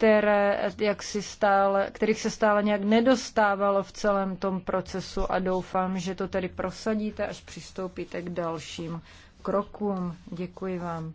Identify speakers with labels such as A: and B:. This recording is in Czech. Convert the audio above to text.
A: které, jak si stále, kterých se stále nějak nedostávalo v celém tom procesu a doufám, že to tedy prosadíte, až přistoupíte k dalším krokům. Děkuji vám.